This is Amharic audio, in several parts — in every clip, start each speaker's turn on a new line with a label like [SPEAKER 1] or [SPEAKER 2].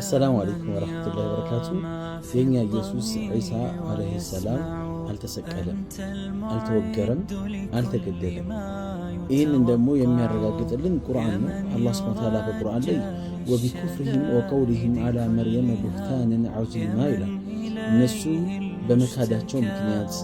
[SPEAKER 1] አሰላሙ አለይኩም ወረሕመቱላሂ ወበረካቱ። የእኛ ኢየሱስ ዒሳ ዓለይሂ ሰላም አልተሰቀለም፣ አልተወገረም፣ አልተገደለም። ይህንን ደግሞ የሚያረጋግጥልን ቁርአን ነው። አላህ ሱብሓነሁ ወተዓላ በቁርአን ላይ ወቢኩፍርህም ወቀውልህም አላ መርየመ ቡህታንን ዐዚማ ይላል። እነሱ በመካዳቸው ምክንያት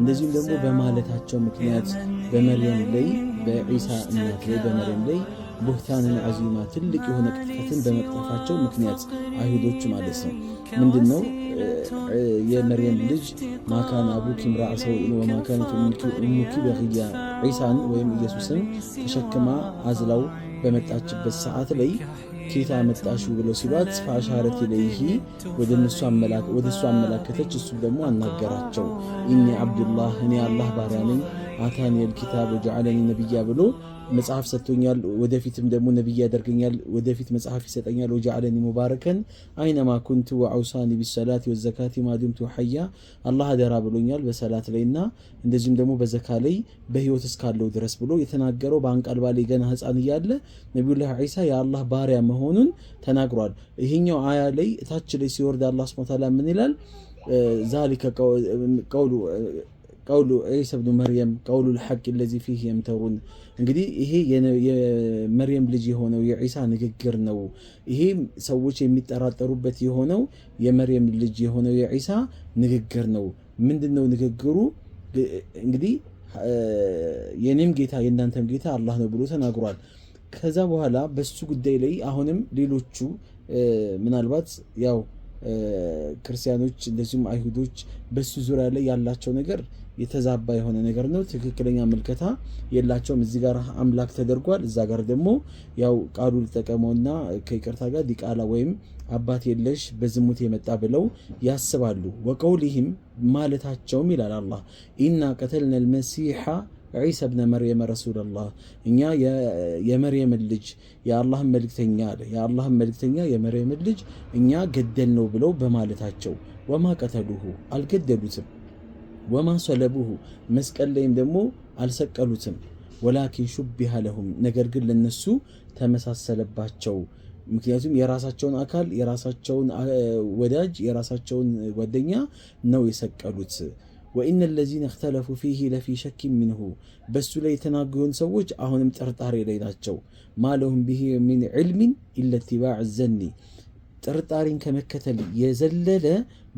[SPEAKER 1] እንደዚሁም ደግሞ በማለታቸው ምክንያት በመርየም ላይ በዒሳ እናት ላይ በመርየም ላይ ቡህታንን አዚማ ትልቅ የሆነ ቅጥፈትን በመቅጠፋቸው ምክንያት አይሁዶች ማለት ነው። ምንድን ነው የመርየም ልጅ ማካን አቡ ኪምራ ሰው ወማካነት ሙኪ በክያ ዒሳን ወይም ኢየሱስን ተሸክማ አዝላው በመጣችበት ሰዓት ላይ ኬታ መጣሹ ብለው ሲሏት ፋሻረት ለይሂ ወደ እሱ አመላከተች። እሱ ደግሞ አናገራቸው ኢኒ አብዱላህ እኔ አላህ ባሪያ ነኝ አታኒ ልኪታብ ወጀዓለኒ ነቢያ ብሎ መጽሐፍ ሰጥቶኛል። ወደፊትም ደግሞ ነቢያ ያደርገኛል። ወደፊት መጽሐፍ ይሰጠኛል። ወጀዓለኒ ሙባረከን አይነማ ኩንቱ ወአውሳኒ ቢሰላት ወዘካቲ ማዱምቱ ሐያ አላህ አደራ ብሎኛል በሰላት ላይ እና እንደዚሁም ደግሞ በዘካ ላይ በህይወት እስካለው ድረስ ብሎ የተናገረው በአንቀልባ ላይ ገና ህፃን እያለ ነቢዩላህ ዒሳ የአላህ ባሪያ መሆኑን ተናግሯል። ይሄኛው አያ ላይ እታች ላይ ሲወርድ አላህ ስብሐ ወተዓላ ምን ይላል? ዛሊከ ቀውሉ ቀውሉ ዒሳ ብኑ መርየም ቀውሉ ልሐቅ ለዚ ፊህ የምተሩን እንግዲህ ይሄ የመርየም ልጅ የሆነው የዒሳ ንግግር ነው። ይሄ ሰዎች የሚጠራጠሩበት የሆነው የመርየም ልጅ የሆነው የዒሳ ንግግር ነው። ምንድን ነው ንግግሩ? እንግዲህ የኔም ጌታ የእናንተም ጌታ አላህ ነው ብሎ ተናግሯል። ከዛ በኋላ በሱ ጉዳይ ላይ አሁንም ሌሎቹ ምናልባት ያው ክርስቲያኖች እንደዚሁም አይሁዶች በሱ ዙሪያ ላይ ያላቸው ነገር የተዛባ የሆነ ነገር ነው። ትክክለኛ ምልከታ የላቸውም። እዚህ ጋር አምላክ ተደርጓል፣ እዛ ጋር ደግሞ ያው ቃሉ ልጠቀመውና ከይቅርታ ጋር ዲቃላ ወይም አባት የለሽ በዝሙት የመጣ ብለው ያስባሉ። ወቀውሊህም ማለታቸውም ይላል አላህ ኢና ቀተልና ልመሲሓ ዒሳ ብነ መርየም ረሱላላህ እኛ የመርየምን ልጅ የአላህን መልክተኛ አለ የአላህን መልክተኛ የመርየምን ልጅ እኛ ገደል ነው ብለው በማለታቸው ወማ ቀተሉሁ አልገደሉትም ወማ ሰለቡሁ መስቀል ላይም ደግሞ አልሰቀሉትም። ወላኪን ሹቢሃ ለሁም ነገር ግን ለነሱ ተመሳሰለባቸው። ምክንያቱም የራሳቸውን አካል የራሳቸውን ወዳጅ የራሳቸውን ጓደኛ ነው የሰቀሉት። ወኢነ ለዚነ እክተለፉ ፊህ ለፊ ሸኪን ሚንሁ በሱ ላይ የተናገሩን ሰዎች አሁንም ጥርጣሬ ላይ ናቸው። ማለሁም ብሂ ሚን ዕልሚን ኢለ ኢትባዕ ዘኒ ጥርጣሬን ከመከተል የዘለለ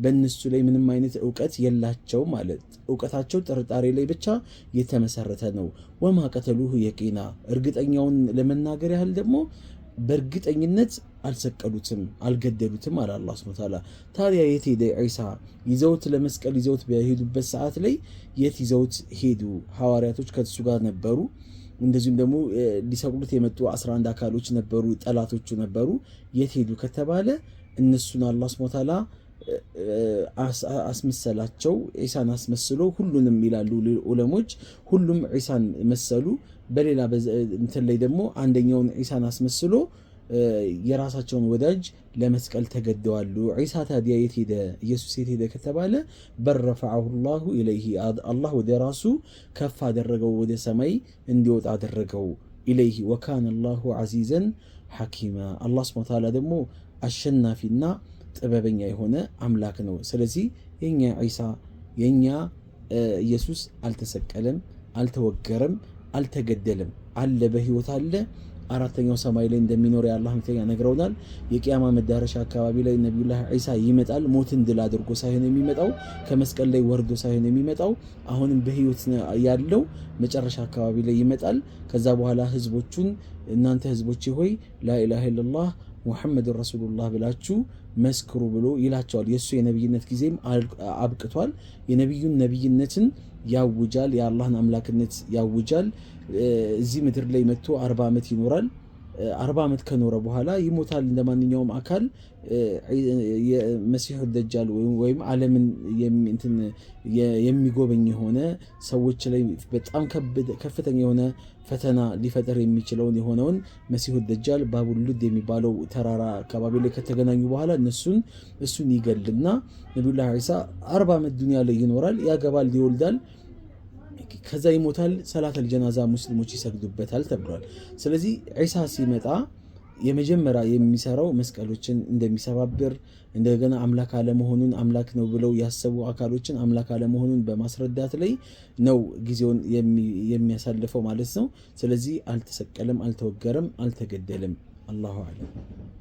[SPEAKER 1] በእነሱ ላይ ምንም አይነት እውቀት የላቸው ማለት እውቀታቸው ጥርጣሬ ላይ ብቻ የተመሰረተ ነው። ወማ ቀተሉሁ የቂና እርግጠኛውን ለመናገር ያህል ደግሞ በእርግጠኝነት አልሰቀሉትም፣ አልገደሉትም አለ አላህ ሱብሓነሁ ወተዓላ። ታዲያ የት ሄደ ዒሳ? ይዘውት ለመስቀል ይዘውት በሄዱበት ሰዓት ላይ የት ይዘውት ሄዱ? ሐዋርያቶች ከእሱ ጋር ነበሩ። እንደዚሁም ደግሞ ሊሰቅሉት የመጡ 11 አካሎች ነበሩ፣ ጠላቶቹ ነበሩ። የት ሄዱ ከተባለ እነሱን አላህ ሱብሓነሁ ወተዓላ አስመሰላቸው። ዒሳን አስመስሎ ሁሉንም ይላሉ ዑለሞች፣ ሁሉም ዒሳን መሰሉ። በሌላ እንትን ላይ ደግሞ አንደኛውን ዒሳን አስመስሎ የራሳቸውን ወዳጅ ለመስቀል ተገደዋሉ። ዒሳ ታዲያ የት ሄደ? ኢየሱስ የት ሄደ ከተባለ በረፈዐሁ ላሁ ኢለይሂ አላህ ወደ ራሱ ከፍ አደረገው፣ ወደ ሰማይ እንዲወጣ አደረገው። ኢለይሂ ወካነ ላሁ ዐዚዘን ሐኪማ አላህ ስብሐነ ወተዓላ ደግሞ አሸናፊና ጥበበኛ የሆነ አምላክ ነው። ስለዚህ የኛ ዒሳ የኛ ኢየሱስ አልተሰቀለም፣ አልተወገረም፣ አልተገደለም አለ በህይወት አለ አራተኛው ሰማይ ላይ እንደሚኖር የአላህ መልክተኛ ነግረውናል። የቅያማ መዳረሻ አካባቢ ላይ ነቢዩላህ ዒሳ ይመጣል። ሞትን ድል አድርጎ ሳይሆን የሚመጣው ከመስቀል ላይ ወርዶ ሳይሆን የሚመጣው አሁንም በህይወት ያለው መጨረሻ አካባቢ ላይ ይመጣል። ከዛ በኋላ ህዝቦቹን እናንተ ህዝቦች ሆይ ላኢላሃ ኢለላህ ሙሐመድን ረሱሉላህ ብላችሁ መስክሩ ብሎ ይላቸዋል። የእሱ የነቢይነት ጊዜም አብቅቷል። የነቢዩን ነቢይነትን ያውጃል። የአላህን አምላክነት ያውጃል። እዚህ ምድር ላይ መጥቶ አርባ ዓመት ይኖራል። አርባ ዓመት ከኖረ በኋላ ይሞታል። እንደ ማንኛውም አካል የመሲሑ ደጃል ወይም ዓለምን የሚጎበኝ የሆነ ሰዎች ላይ በጣም ከፍተኛ የሆነ ፈተና ሊፈጠር የሚችለውን የሆነውን መሲሑ ደጃል ባቡሉድ የሚባለው ተራራ አካባቢ ላይ ከተገናኙ በኋላ እነሱን እሱን ይገልና ነቢዩላህ ዒሳ አርባ ዓመት ዱንያ ላይ ይኖራል፣ ያገባል፣ ይወልዳል ከዛ ይሞታል። ሰላተል ጀናዛ ሙስሊሞች ይሰግዱበታል ተብሏል። ስለዚህ ዒሳ ሲመጣ የመጀመሪያ የሚሰራው መስቀሎችን እንደሚሰባብር እንደገና አምላክ አለመሆኑን አምላክ ነው ብለው ያሰቡ አካሎችን አምላክ አለመሆኑን በማስረዳት ላይ ነው ጊዜውን የሚያሳልፈው ማለት ነው። ስለዚህ አልተሰቀለም፣ አልተወገረም፣ አልተገደለም። አላሁ አለም።